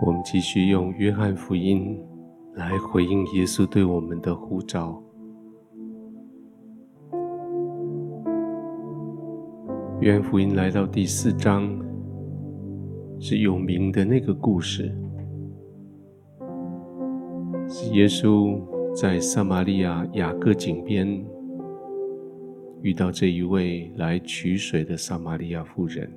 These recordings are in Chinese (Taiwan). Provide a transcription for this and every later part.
我們繼續用約翰福音來回應耶穌對我們的呼召。約翰福音來到第四章，是有名的那個故事，是耶穌在撒瑪利亞雅各井邊遇到這一位來取水的撒瑪利亞婦人。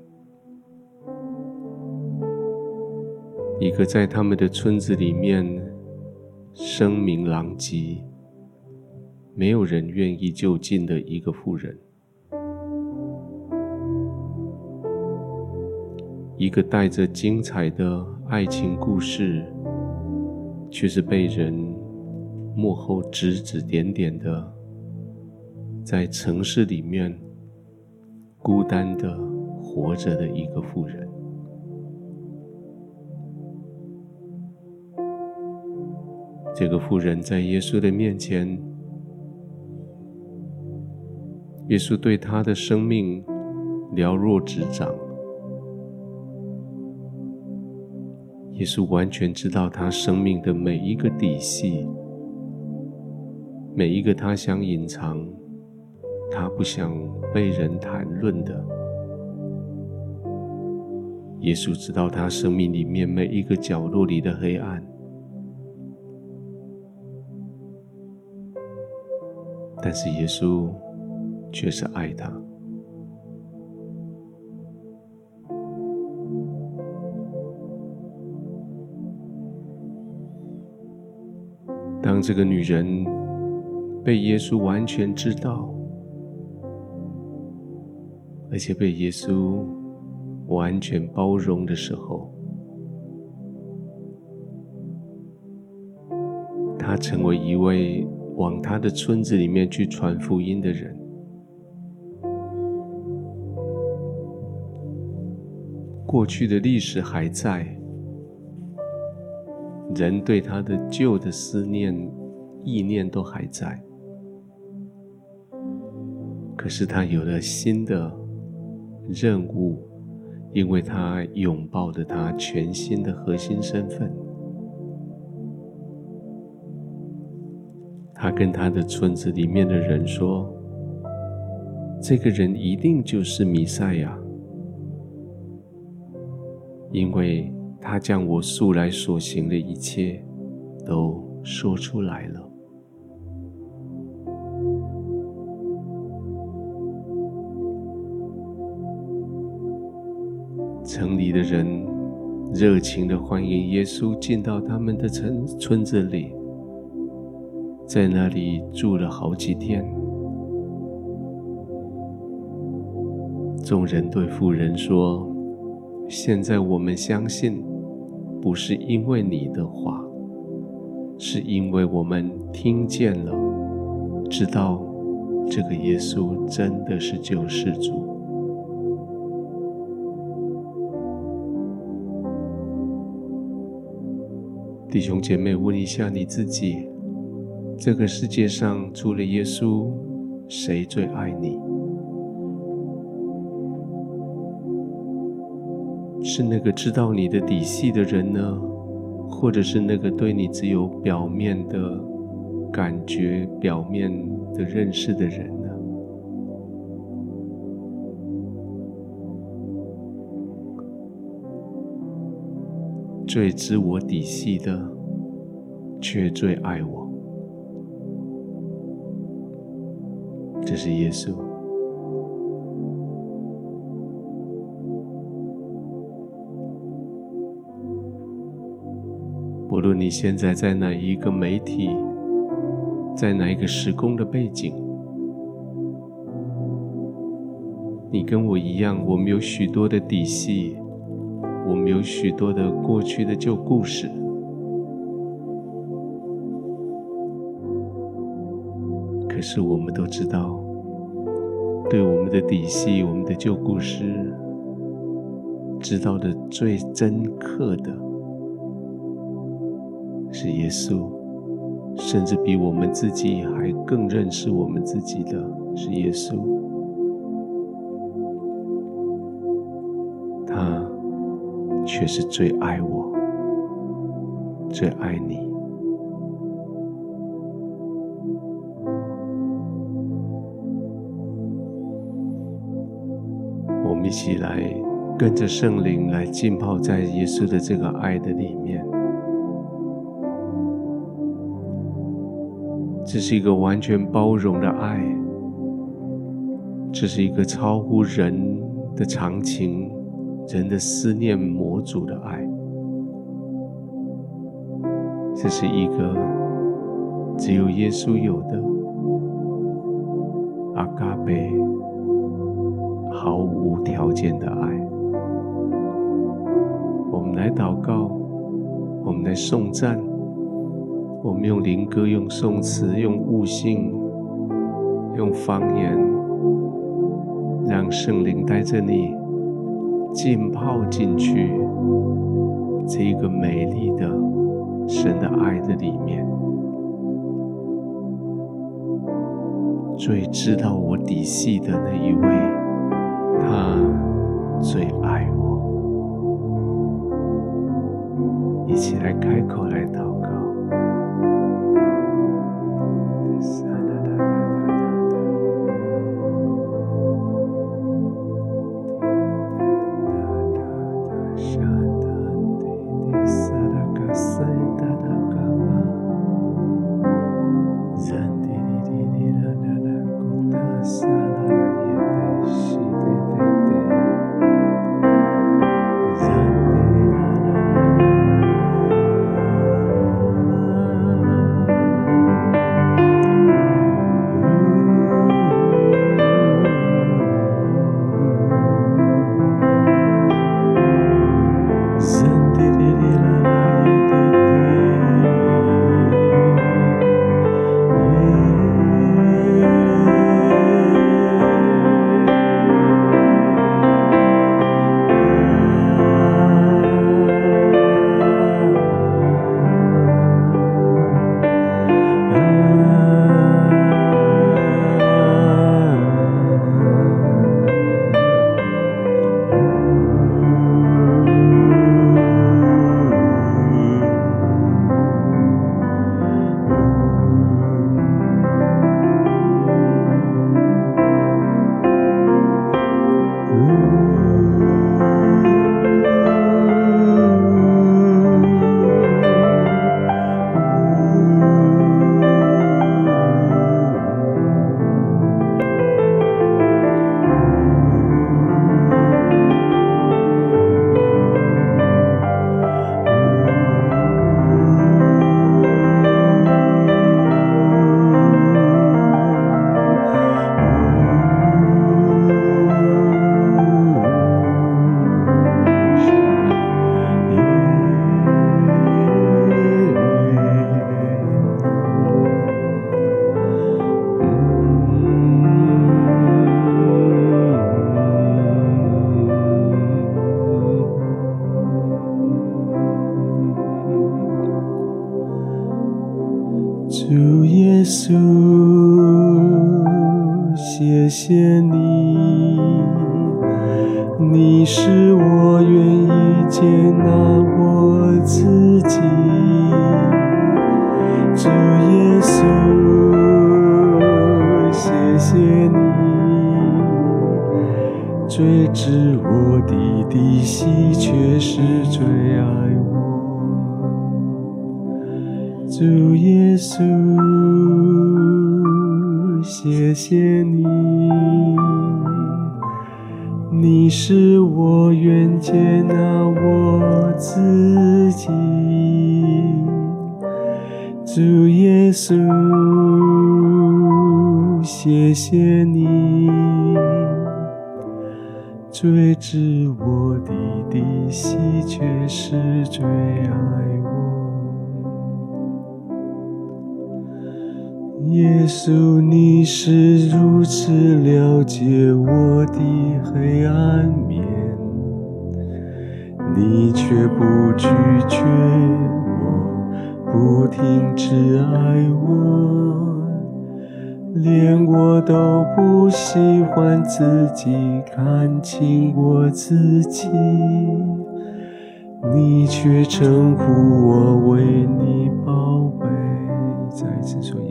一個在他們的村子裡面聲名狼藉、沒有人願意就近的一個婦人，一個帶着精彩的愛情故事，卻是被人幕後指指點點的，在城市裡面孤單的活着的一個婦人。這個婦人在耶穌的面前，耶穌對她的生命了如指掌，耶穌完全知道她生命的每一個底細，每一個她想隱藏、她不想被人談論的，耶穌知道她生命裡面每一個角落裡的黑暗。但是耶穌，卻是愛他。當這個女人被耶穌完全知道，而且被耶穌完全包容的時候，她成為一位，往他的村子裡面去傳福音的人，過去的歷史還在，人對他的舊的思念、意念都還在。可是他有了新的任務，因為他擁抱着他全新的核心身份。他跟他的村子裡面的人說：“這個人一定就是彌賽亞，因為他將我素來所行的一切都說出來了。”城裡的人熱情的歡迎耶穌進到他們的城村子裡。在那裡住了好幾天。眾人對婦人說：“現在我們相信，不是因為你的話，是因為我們聽見了，知道這個耶穌真的是救世主。”弟兄姐妹，問一下你自己。這個世界上，除了耶穌，誰最愛你？是那個知道你的底細的人呢？或者是那個對你只有表面的感覺、表面的認識的人呢？最知我底細的，卻最愛我。這是耶穌。不論你現在在哪一個媒體，在哪一個時空的背景，你跟我一樣，我們有許多的底細，我們有許多的過去的舊故事。可是我們都知道。對我們的底細、我們的舊故事，知道的最深刻的，是耶穌；甚至比我們自己還更認識我們自己的，是耶穌。他卻是最愛我、最愛你。一起來，跟着聖靈來浸泡在耶穌的這個愛的裡面。這是一個完全包容的愛，這是一個超乎人的常情、人的思念、魔主的愛。這是一個只有耶穌有的阿嘎貝。毫無條件的愛，我們來禱告，我們來頌讚，我們用靈歌、用頌詞、用悟性、用方言，讓聖靈帶着你浸泡進去這個美麗的神的愛的裡面，最知道我底細的那一位，他、啊、最愛我，一起來開口來禱。謝謝你，你是我願意接納我自己。主耶穌，謝謝你，最知我的底細，卻是最愛我。主耶穌，謝謝你。你是我願接納我自己，主耶穌，謝謝你，最知我的底細，卻是最愛我。耶穌，你是如此了解我的黑暗面，你卻不拒絕我不，不停止愛我。連我都不喜歡自己看清我自己，你卻稱呼我為你寶貝。再一次說。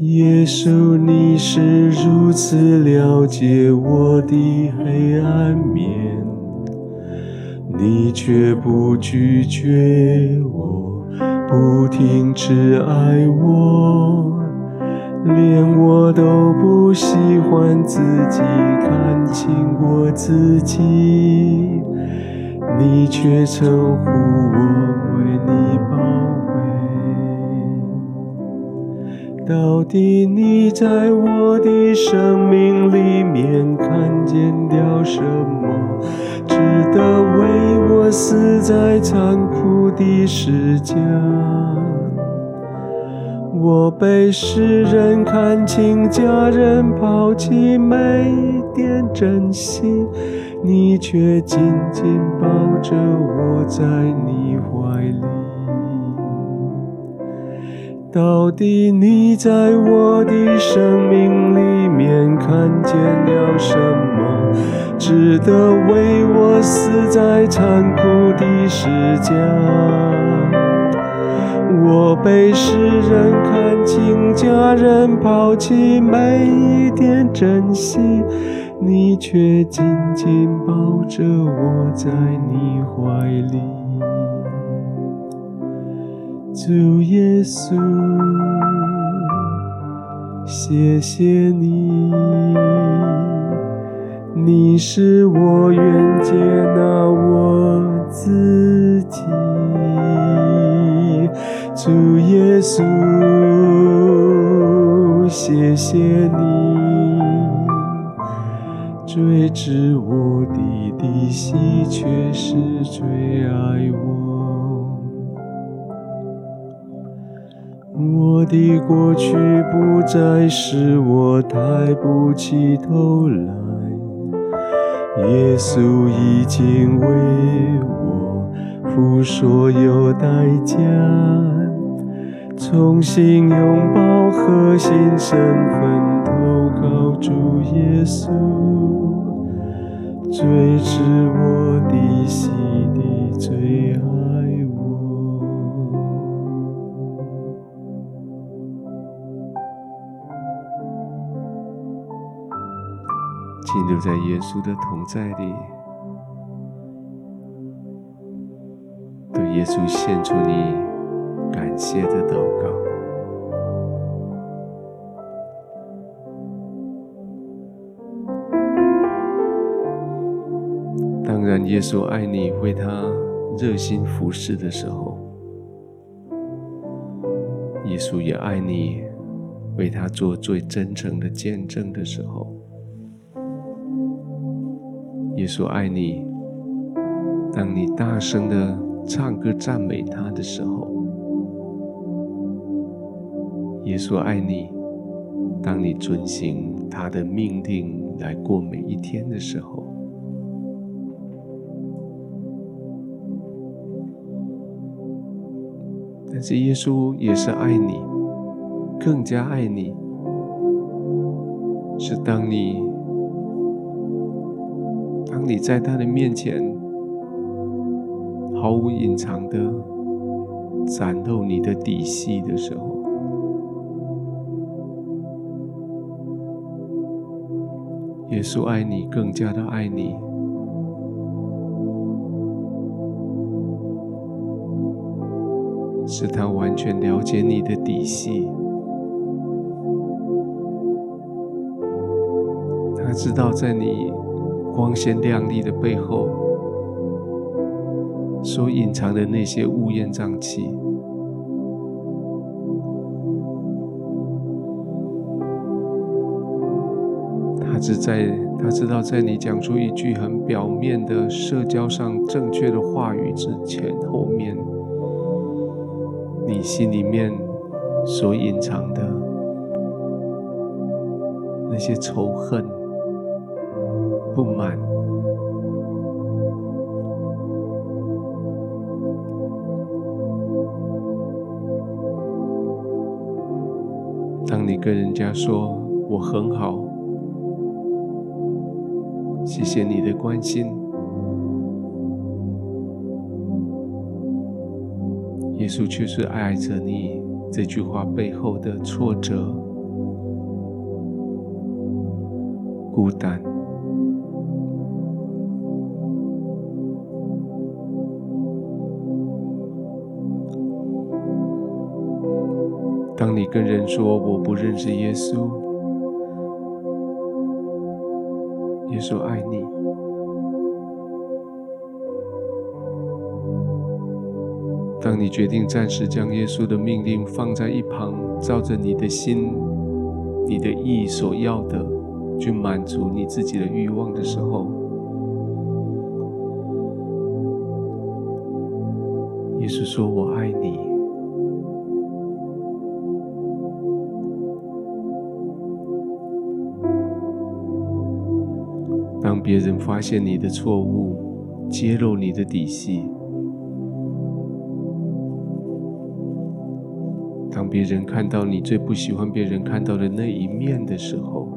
耶穌，你是如此了解我的黑暗面，你卻不拒絕我，不停止愛我，連我都不喜歡自己看清我自己，你卻稱呼我。到底你在我的生命裡面看見了什麼，值得為我死在殘酷的世界？我被世人看輕，家人拋棄，沒一點真心，你卻緊緊抱着我，在你。到底你在我的生命裡面看見了什麼，值得為我死在殘酷的世間？我被世人看輕，家人拋棄，沒一點珍惜，你卻緊緊抱着我，在你懷裡。主耶穌，謝謝你，你是我願接納我自己。主耶穌，謝謝你，最知我的底細，卻是最愛我。我的過去不再使我抬不起頭來。耶穌已經為我付所有代價，重新擁抱核心身份，投靠主耶穌，最知我的底細的最。停留在耶穌的同在裡，對耶穌獻出你感謝的禱告。當然，耶穌愛你為他熱心服侍的時候，耶穌也愛你為他做最真誠的見證的時候。耶穌愛你，當你大聲的唱歌讚美他的時候；耶穌愛你，當你遵行他的命令來過每一天的時候。但是耶穌也是愛你，更加愛你，是當你。你在他的面前毫無隱藏的展露你的底細的時候，耶穌愛你，更加的愛你，使他完全了解你的底細，他知道在你。光鮮亮麗的背後，所隱藏的那些烏煙瘴氣，他只在，他知道在你講出一句很表面的社交上正確的話語之前，後面你心裡面所隱藏的那些仇恨。不滿。當你跟人家說“我很好”，謝謝你的關心，耶穌卻是愛着你，這句話背後的挫折、孤單。當你跟人說“我不認識耶穌”，耶穌愛你；當你決定暫時將耶穌的命令放在一旁，照着你的心、你的意所要的去滿足你自己的慾望的時候，耶穌說：“我愛你。”別人發現你的錯誤，揭露你的底細。當別人看到你最不喜歡別人看到的那一面的時候，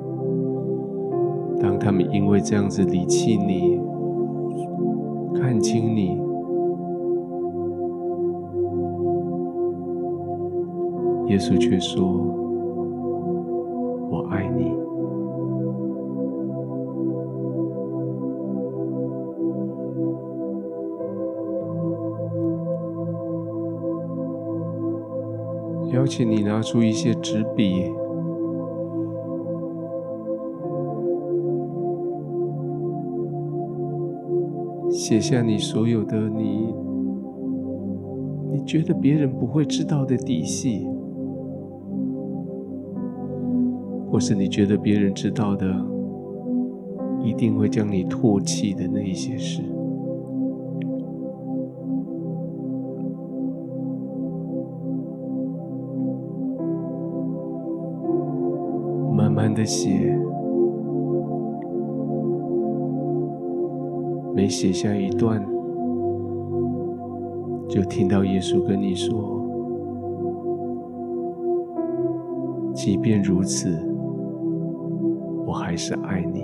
當他們因為這樣子離棄你、看輕你，耶穌卻說：“我愛你。”而且，你拿出一些紙筆，寫下你所有的你，你覺得別人不會知道的底細，或是你覺得別人知道的，一定會將你唾棄的那一些事。慢慢的寫，每寫下一段，就聽到耶穌跟你說：“即便如此，我還是愛你。”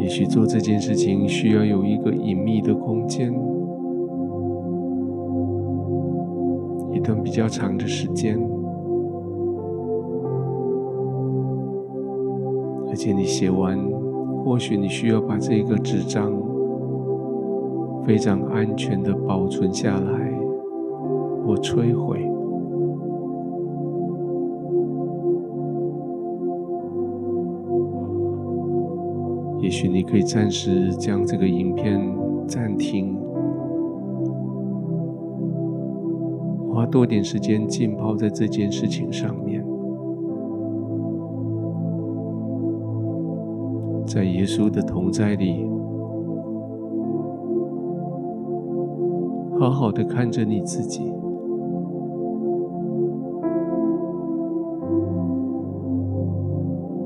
也許做這件事情需要有一個隱秘的空間。一段比較長的時間，而且你寫完，或許你需要把這個紙張非常安全的保存下來或摧毀。也許你可以暫時將這個影片暫停。多點時間浸泡在這件事情上面，在耶穌的同在裡，好好的看着你自己。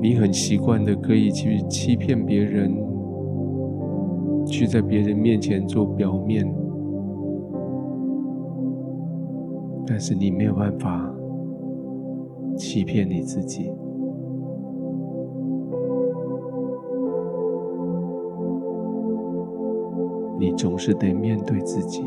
你很習慣的可以去欺騙別人，去在別人面前做表面。但是你沒有辦法欺騙你自己，你總是得面對自己。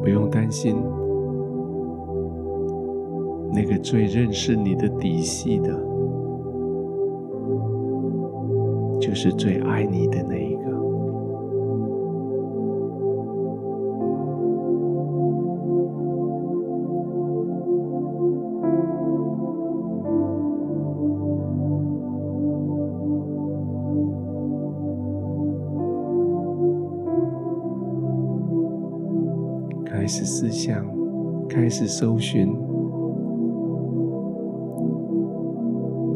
不用擔心那個最認識你的底細的。是最愛你的那一個。開始思想，開始搜尋，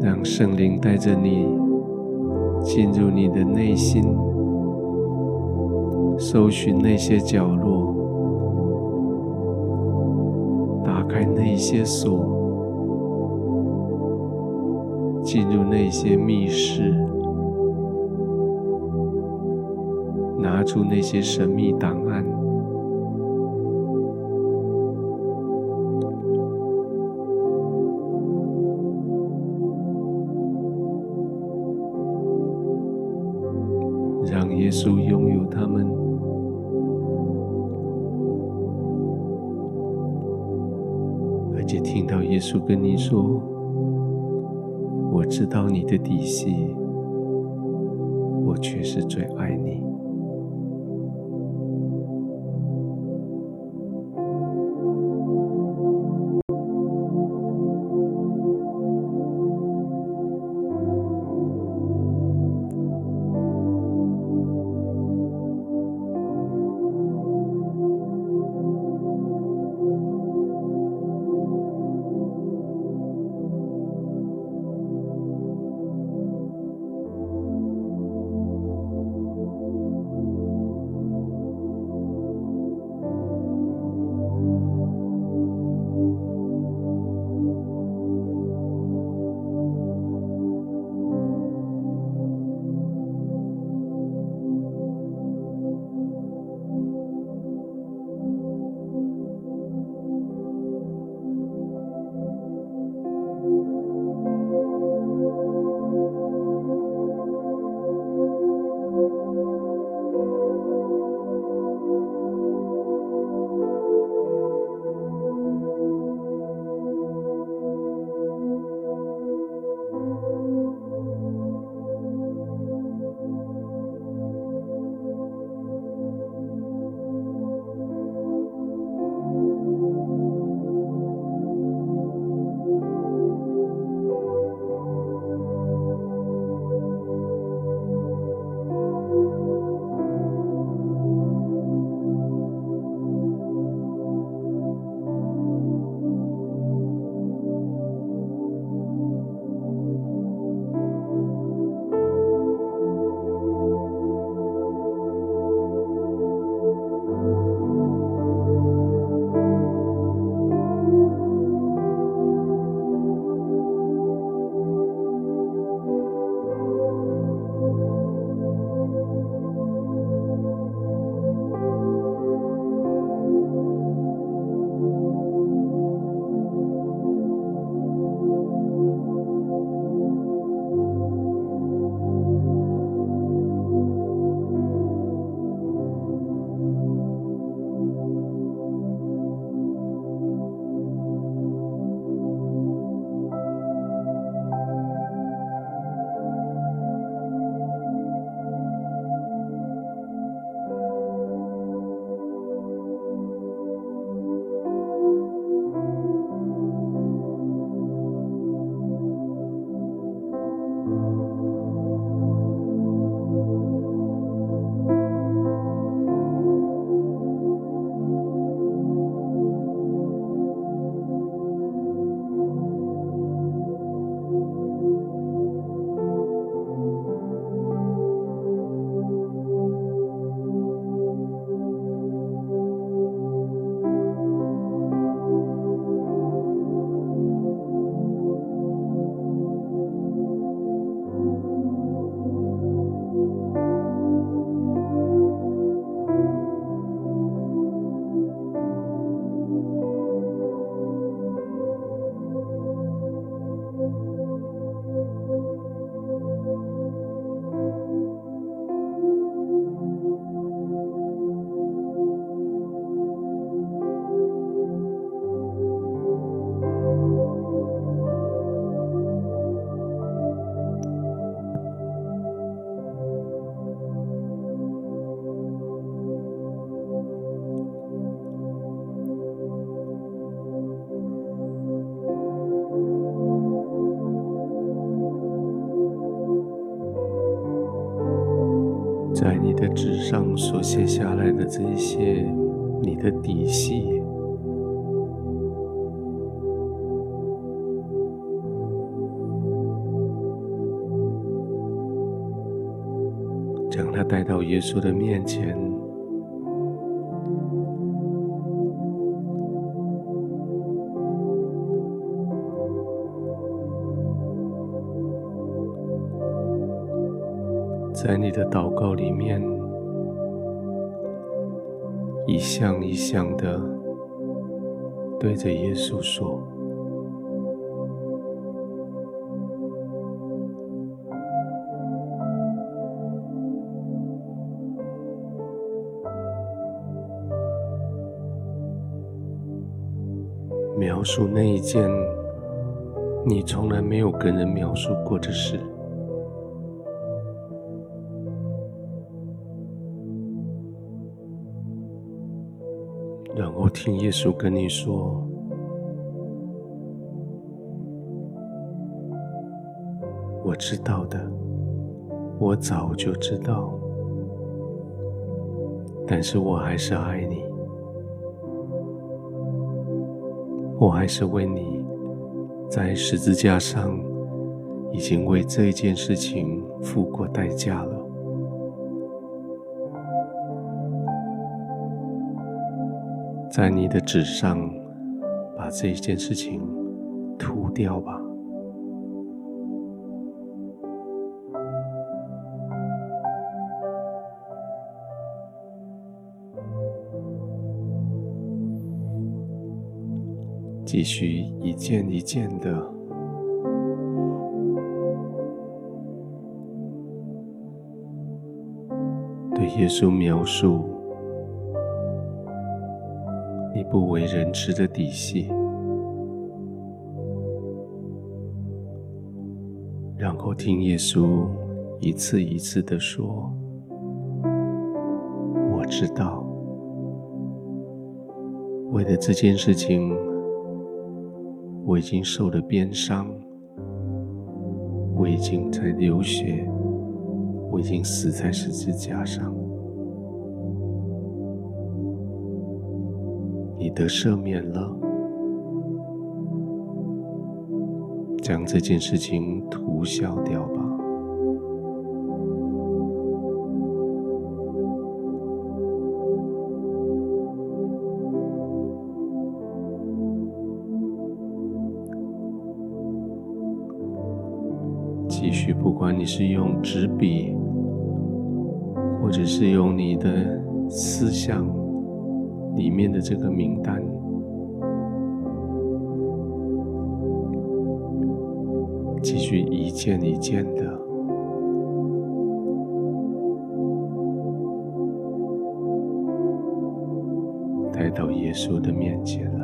讓聖靈帶着你。進入你的內心，搜尋那些角落，打開那些鎖，進入那些密室，拿出那些神秘檔案。知道你的底細，我卻是最愛你。所寫下來的這些你的底細，將它帶到耶穌的面前，在你的禱告裡面。一項一項的，對着耶穌說，描述那一件你從來沒有跟人描述過的事。聽耶穌跟你說：“我知道的，我早就知道，但是我還是愛你，我還是為你在十字架上已經為這一件事情付過代價了。”在你的紙上，把這一件事情塗掉吧。繼續一件一件的對耶穌描述。不為人知的底細，然後聽耶穌一次一次的說：“我知道，為了這件事情，我已經受了鞭傷，我已經在流血，我已經死在十字架上。”你得赦免了，將這件事情塗消掉吧。繼續，不管你是用紙筆，或者是用你的思想。裡面的這個名單，繼續一件一件的帶到耶穌的面前。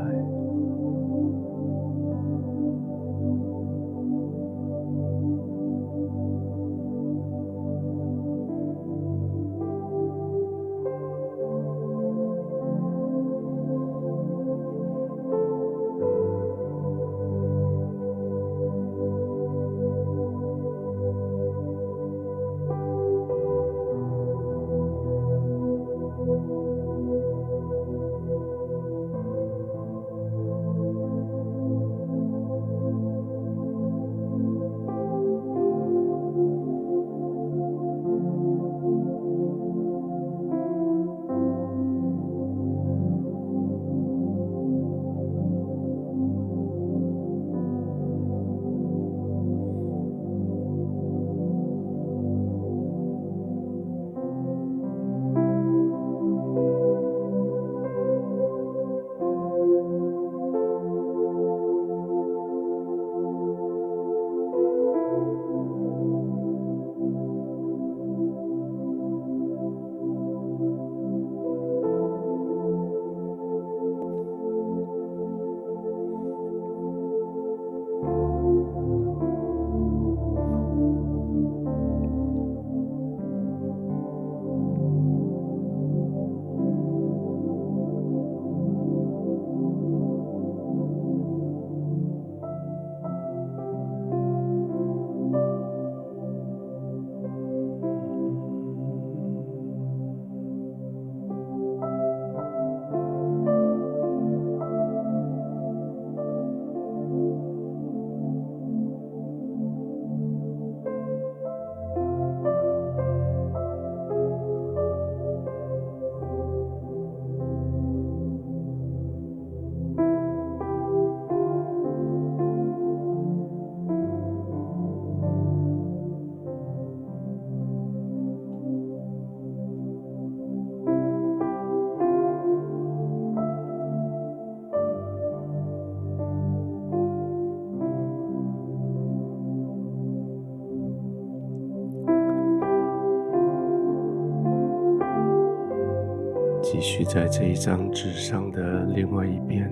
在這一張紙上的另外一邊，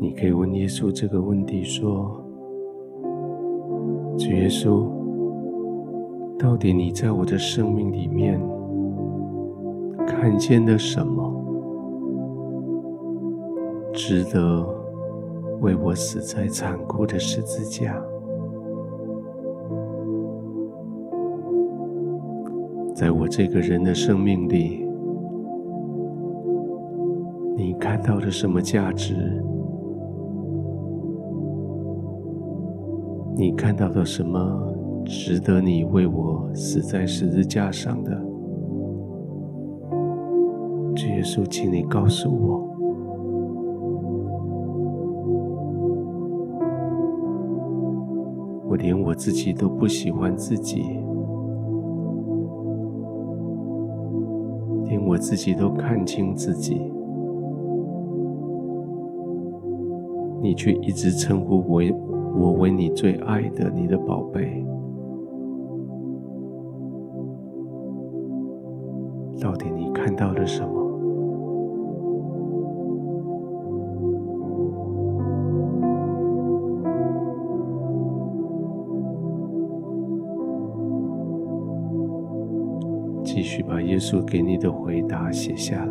你可以問耶穌這個問題說，主耶穌，到底你在我的生命裡面看見了什麼？值得為我死在殘酷的十字架。在我這個人的生命裡，你看到了什麼價值？你看到了什麼值得你為我死在十字架上的？主耶穌，請你告訴我，我連我自己都不喜歡自己。我自己都看清自己，你卻一直稱呼為我為你最愛的你的寶貝。寫下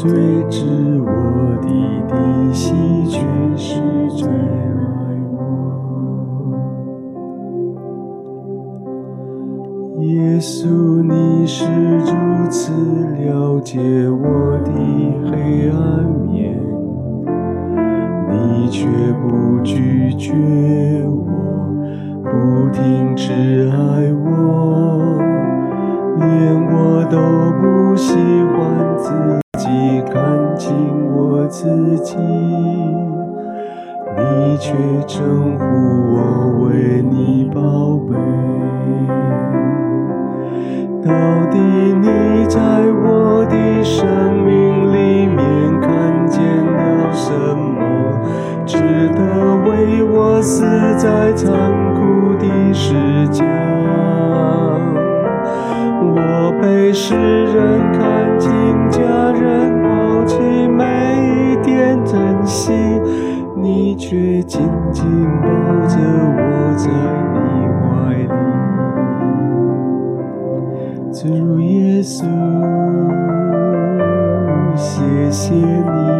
最知我的底細，卻是最愛我。耶穌，你是如此了解我的黑暗面，你卻不拒絕我，不停止愛我，連我都不喜歡自己。自己，你卻稱呼我為你寶貝。到底你在我的生命裡面看見了什麼，值得為我死在殘酷的世界？我被世人看輕，家人，卻每一點珍惜，你卻緊緊抱着我在你懷裡。主耶穌，謝謝你。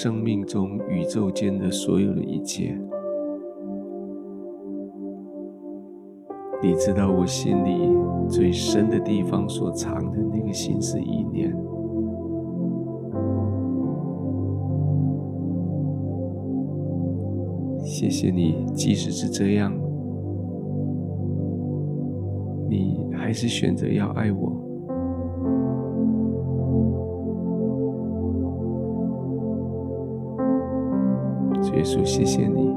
生命中宇宙間的所有的一切，你知道我心裡最深的地方所藏的那個心思意念。謝謝你，即使是這樣，你還是選擇要愛我。耶穌，謝謝你。